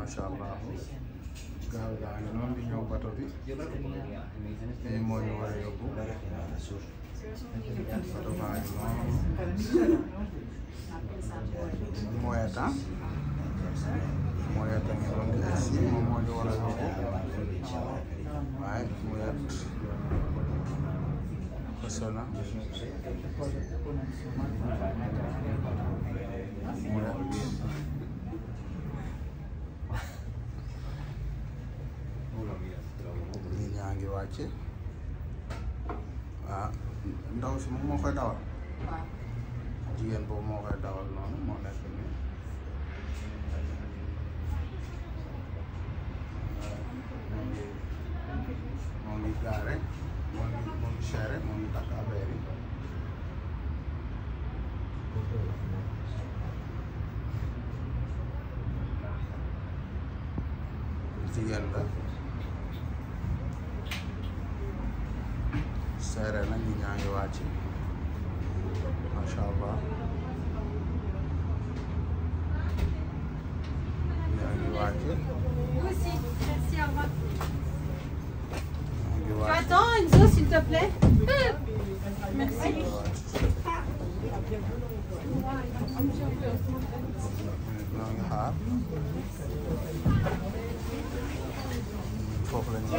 macha allah gaal gaa ngi noonu di ñëw bato bi lii moo ñu war a yóbbu bato baa ngi noonu mooyata mooyata ngi doon des moom moo ñu war a yóbbu waaye mooyat xësona ci waaw ah, ndaw si moom dawal. waaw jigéen boobu moo koy dawal noonu moo nekk nii. moo ngi gaare moo ngi moo ngi seere moo ngi takk affaire yi. jigéen la. seere nag ñi ñaa ngi wàcc macha allah ñaa ngi wàcc Attends, Enzo, s'il te plaît. Merci. Foofu lañu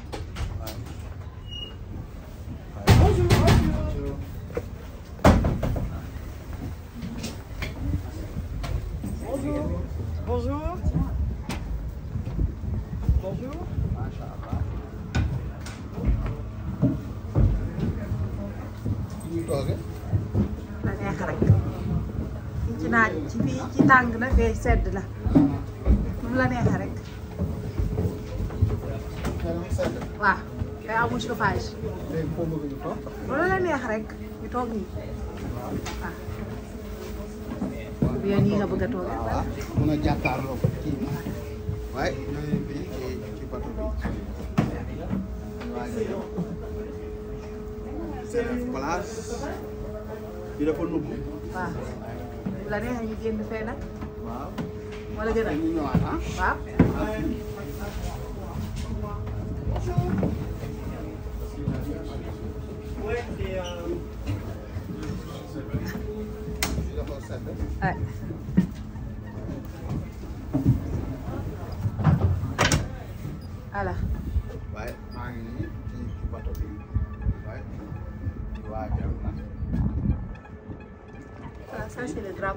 ñuy toogee. da neex rek ci naaj ci fii na fee sedd la mu la neex rek. waaw day amul chauffage. léegi foo la neex rek ñu toog nii place bi dafa nugg. waaw bu la neexee ñu génn fee nag. waaw wala gën a ñu ñëwaat ah. waaw.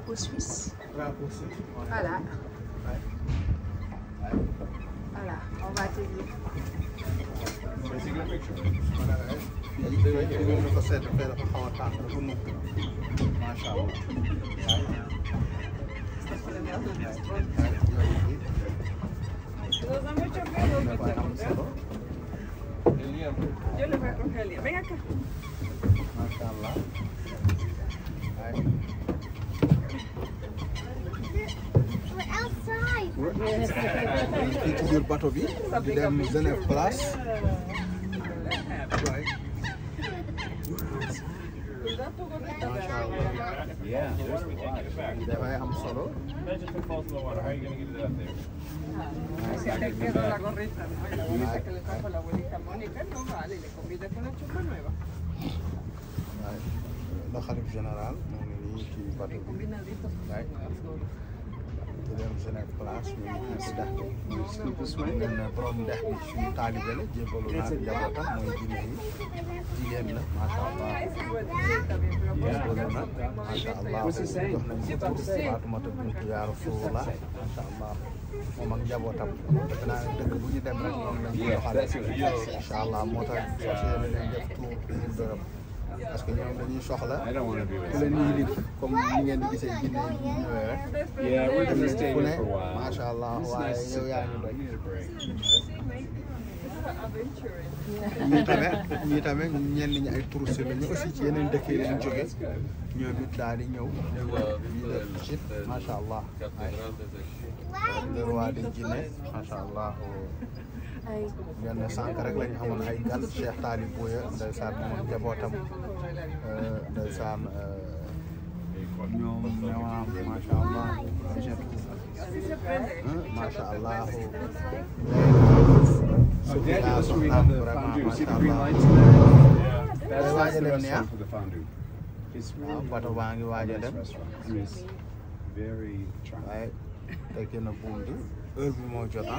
drapeau suisse. Drapeau suisse. Voilà. Ouais. Voilà, on va atterrir. Ven acá. jël bateau bi di dem Genève Place macha allah dafay am solo. le xalif général moo ngi nii ci bateau bi. di leen seen ay place ñu ngi si dex bi muy Scoop Swing borom dex bi suñu taalibe la jébalu naa njabootam mooy jigéen yi jigéen la macha allah jébalu na macha allah jox nañu ko Fatoumata bintu yaa Rasulullah macha allah moom ak njabootam defe naa dëkk bu ñu dem rek moom lañ koy doxale incha allah moo tax fas yéene nañ def tour dërëm parce que ñoom dañuy soxla ku leen ñuy lif comme ni ngeen di gisee jinne yi rek tamit ku allah waaye yow yaa ngi doy ñii tamit ñii tamit ñenn ñi ay touristes lañu aussi ci yeneen dëkk yi lañu jóge ñëw ñu def ci macha allah ay le roi des jinne benn sànq rek lañ amoon ay gan Cheikh Tali Bouya ndeysaan moom njabootam euh, ndeysaan euh, ñoom ñoom macha allah macha allah soxna soxna vraiment macha allah waaj a dem neex waaw bato baa ngi waaj a dem waaye tekki na buum bi heure bi moo jot ah.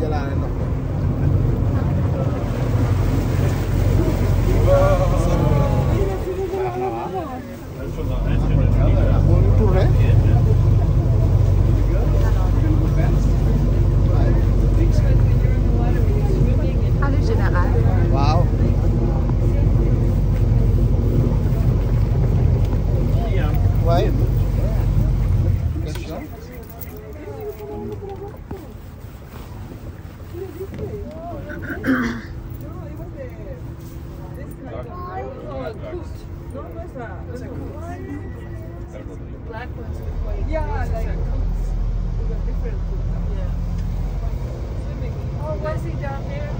jëlaale ndox mi see down there?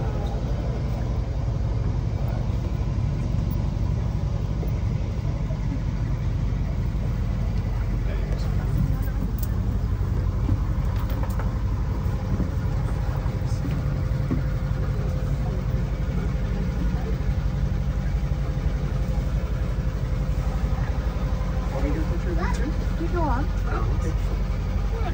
You go on. Oh, okay.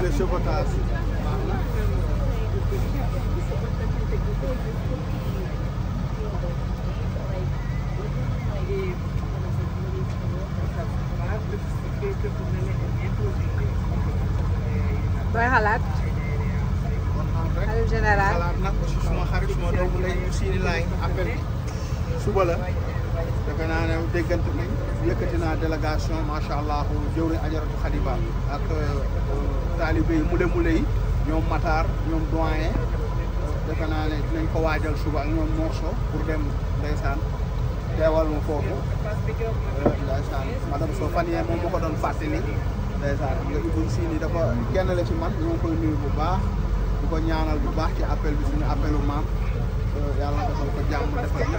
le chauffetage. looy xalaat. xalif général xalaat nag aussi suma xarit suma doomu ndey ñu siini laay appel suba la defe naa ne déggante nañ. yëkkati naa délégation macha allah a ajaratu xadiba ak euh, taalibe yi mule mule yi ñoom Matar ñoom doyen defe naa ko waajal suba ak ñoom Morso pour dem ndeysaan teewal ma foofu euh, ndeysaan madame so fan yee moom ma ko doon fàttali ndeysaan nga ibul si ni dafa kenn la ci man ñoo koy nuyu bu baax di ko ñaanal bu baax ci appel bi suñu appelu maam euh, yàlla defal ko jàmm defal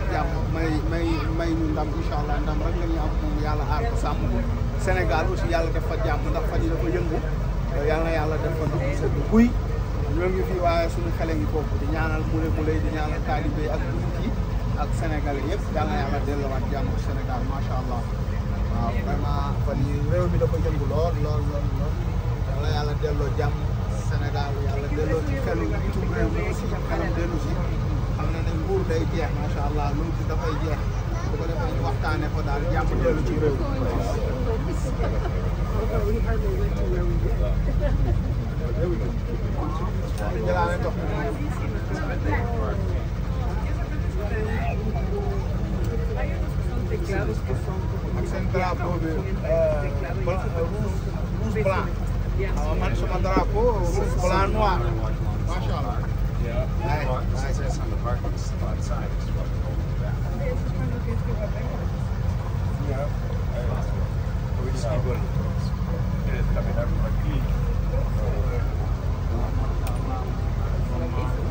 may may may ñu ndam incha allah ndam rek la am yàlla aar ko sàmm ko Sénégal aussi yàlla def fa jàmm ndax fan yi dafa yëngu yàlla yàlla def fa dugg sedd guy ñoo suñu xele ngi foofu di ñaanal mule mule di ñaanal taalibe ak jullit ak yëpp yàlla na yàlla delluwaat jàmm Sénégal macha allah waaw vraiment fan yi réew mi dafa yëngu lool yàlla delloo jàmm Sénégal yàlla delloo ci xelu tuub réew mi si xam ne nañ nguur day jeex macha allah lu ci dafay jeex bu ko defee ñu waxtaane ko daal jàmm dellu ci réew jëlaale ndox ak seen drapeau bi euh, rouge blanc ah, man sama drapeau rouge blanc noir macha allah Yeah. Well, it says this on the parking lot side, it's what we're back. Okay, it's trying to get through up there. Yeah. yeah. We just keep going. It is coming up like peak.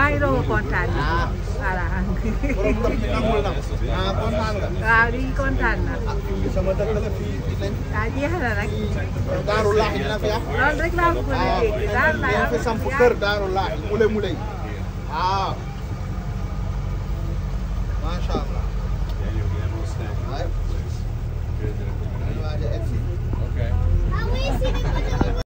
ah Irobo kontaan na voilà. waaw lii kontaan na. ah jeex na nag. loolu rek laa ko mën a dégg Darou Lahi am na fi samp kër Darou Lahi mule mule waaw macha allah. Okay.